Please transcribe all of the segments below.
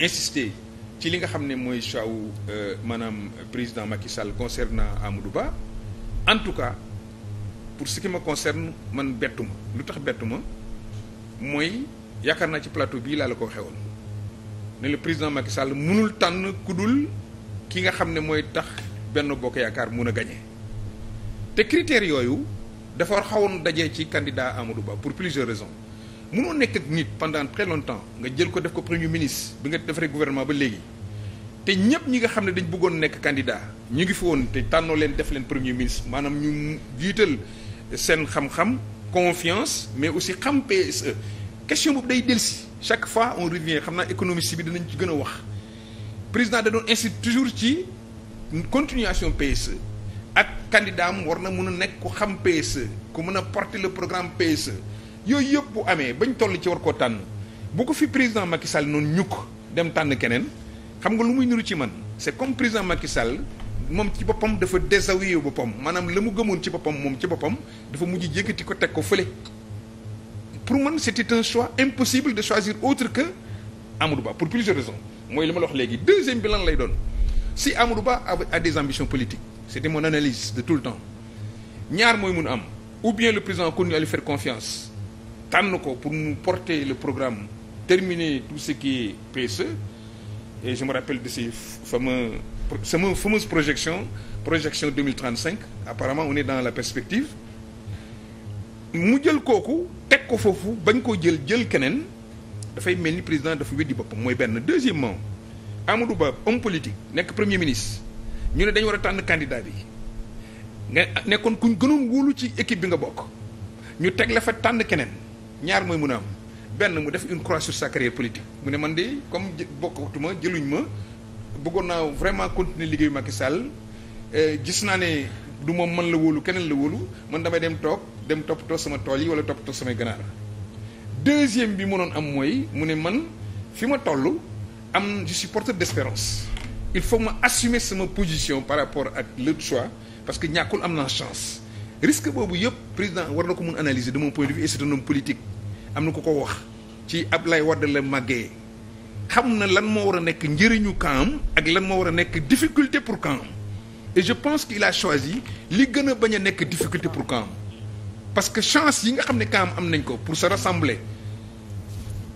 insister ci li nga xam ne mooy choix wu euh, maanaam président Macky Sall concernant Amadou Ba en tout cas pour ce concerne man bettu ma lu tax bettu ma mooy yaakaar naa ci plateau bii laa la ko waxee woon ne le président Macky Sall mënul tànn ku dul ki nga xam ne mooy tax benn bokk yaakaar mun a gagné te critères yooyu dafa xawoon dajee ci candidat Amadou Ba pour plusieurs raisons. mënoo nekk ak nit pendant très longtemps nga jël ko def ko premier ministre bi nga defaree gouvernement ba léegi te ñëpp ñi nga xam ne dañ bëggoon nekk candidat ñu ngi fi woon te tànnoo leen def leen premier ministre maanaam ñu jiital seen xam-xam confiance mais aussi xam PSE question boobu day delsi chaque fois on revient xam naa économiste bi dinañ ci gën a wax président da doon toujours ci continuation PSE ak candidat am war na mun a nekk ku xam e, ku mën a porter le programme PSE yooyu yëpp bu amee bañ toll ci war koo tànn bu ko fi président Macky Sall noonu ñukk dem tànn keneen xam nga lu muy niru ci man c'est comme président Macky moom ci boppam dafa désavoué boppam maanaam la mu gëmoon ci boppam moom ci boppam dafa mujj yëkkati ko teg ko fële pour man c'était un choix impossible de choisir autre que Amadou Ba pour plusieurs raisons mooy li ma la wax léegi deuxième bi lan lay doon si Amadou Ba a des ambitions politiques c'était mon analyse de tout le temps ñaar mooy mun am ou bien le président continue à lui confiance tànn ko pour mu porter le programme terminer tout ce qui est PSE et je me rappelle de ces fameux sama fameuse projection projection 2035 apparemment on est dans la perspective mu jël kooku teg ko foofu bañ koo jël jël keneen dafay mel ni président dafa weddi boppam mooy benn deuxièmement Amadou Ba homme politique nekk premier ministre ñu ne dañu war a tànn candidat bi nga nekkoon kuñ gënoon wóolu ci équipe bi nga bokk ñu teg la fa tànn keneen ñaar mooy mun a am benn mu def une croix sur sa carrière politique mu ne man de comme bokkatuma jëluñ ma bëggoon naa vraiment continuer liggéeyu Macky Sall eh, gis naa ne du moom man la wóolu keneen la wóolu man damay dem toog dem toppatoo sama tool yi wala toppatoo samay ganaar deuxième bi mënoon am mooy mu ne man fi ma toll am je suis porteur d'espérance il faut ma assumer sama position par rapport ak le choix parce que ñàkkul am naa chance risque boobu yëpp président war na ko mun analyser de mon point de vue et am na ko ko wax ci lay Wade la màggee xam na lan moo war a nekk njëriñu camp ak lan moo war a nekk difficulté pour camp et je pense qu'il a choisi li gën a bañ a nekk difficulté pour camp parce que chance yi nga xam ne camp am nañ ko pour se rassembler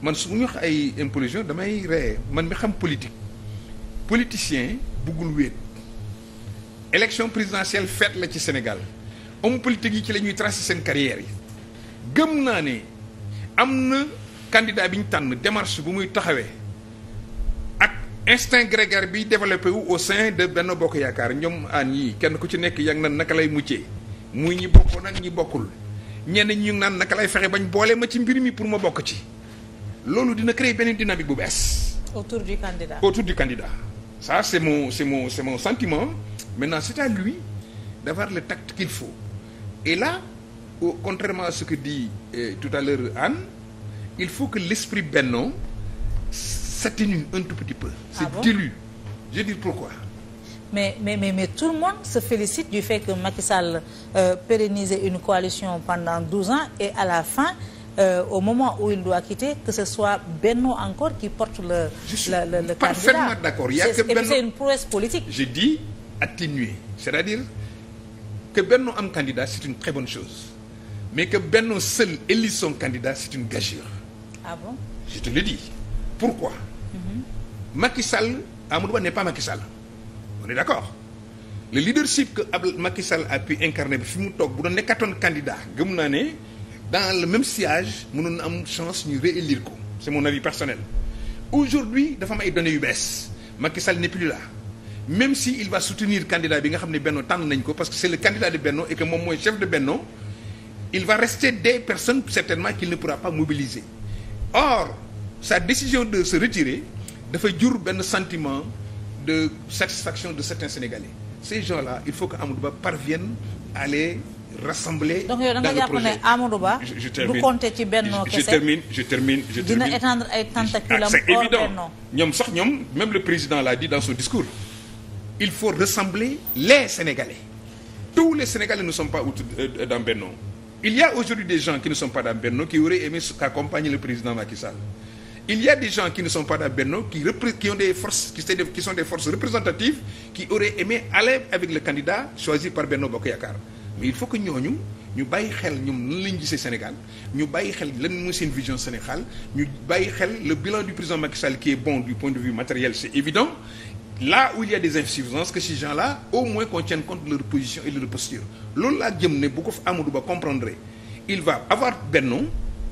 man su ñu wax ay implosion damay ree man mi xam politique politicien buggul wéet élection présidentielle fête la ci Sénégal homme politique yi ci la ñuy tracer seen carrière yi gëm naa ni am na candidat bi ñu tànn démarche bu muy taxawee ak instinct grégaire biy développé wu au sein de benn Bokk Yaakaar ñoom aan yii kenn ku ci nekk yaa ngi naan naka lay muccee muy ñi bokkoon ak ñi bokkul ñenn ñi naan naka lay fexe bañ boole ma ci mbir mi pour ma bokk ci loolu dina créer beneen dynamique bu bees. autour du candidat autour du candidat. ça c'est mon c'est mon c'est mon sentiment maintenant c'est à lui d'avoir le tact qu'il Et là, contrairement à ce que dit eh, tout à l'heure Anne, il faut que l'esprit Benno s'atténue un tout petit peu, se ah dilue. Bon? pourquoi. Mais, mais, mais, mais, tout le monde se félicite du fait que Macky Sall euh, pérennisait une coalition pendant 12 ans et à la fin, euh, au moment où il doit quitter, que ce soit Benno encore qui porte le, Je suis le, le, le parfaitement d'accord. C'est une prouesse politique. Je dis atténuer, c'est-à-dire que Benno am candidat c'est une très bonne chose mais que Benno seul élise son candidat c'est une gageure. ah bon je te le dis pourquoi. Mm-hmm. Ba n'est pas Macky on est d'accord le leadership que ab Macky Sall a pu incarner bi fi mu toog bu doon nekkatoon candidat gëm naa ne dans le même sillage mënoon na am chance ñu réélire ko c'est mon avis personnel aujourd'hui dafa am ay données yu bees Macky Sall n'est plus là. même si il va soutenir candidat bi nga xam ne Benno tànn nañ ko parce que c'est le candidat de Benno et que moom mooy chef de Benno il va rester des personnes certainement qu'il ne pourra pas mobiliser or sa décision de se retirer dafa jur benn sentiment de satisfaction de certains Sénégalais ces gens-là il faut que Amadou Ba parvienne à les rassembler donc yow da nga jàpp ne Amadou Ba du compter ci Benno kese je termine je termine je termine dina ah, sax ñoom même le président l'a dit il faut ressembler les Sénégalais tous les Sénégalais ne sont pas euh, dans Benno il y a aujourd'hui des gens qui ne sont pas dans Benno qui auraient aimé accompagner le président Macky Sall il y a des gens qui ne sont pas dans Benno qui qui ont des forces qui sont des représentatives qui auraient aimé aller avec le candidat choisi par Benno Bokk Yakaar mais il faut que ñooñu ñu bàyyi xel ñoom nan lañ gisee Sénégal ñu bàyyi xel lan mooy seen vision Sénégal ñu bàyyi xel le bilan du président Macky Sall qui matériel c'est évident là où il y a des insuffisances que ces gens-là au moins qu'on tienne compte de leur position et de leur posture loolu laa jëm ne bu ko fa Ba comprendre il va avoir benno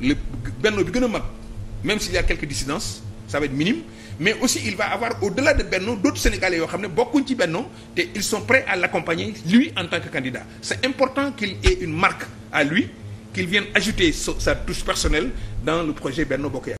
le benno bi gën a mag même s'il y a quelques dissidences ça va être minime mais aussi il va avoir au-delà de benno d'autres Sénégalais yoo xam ne bokkuñ ci benno te ils sont prêts à l'accompagner lui en tant que candidat c'est important qu'il ait une marque à lui qu'il vienne ajouter sa touche dans le projet Benno Bokk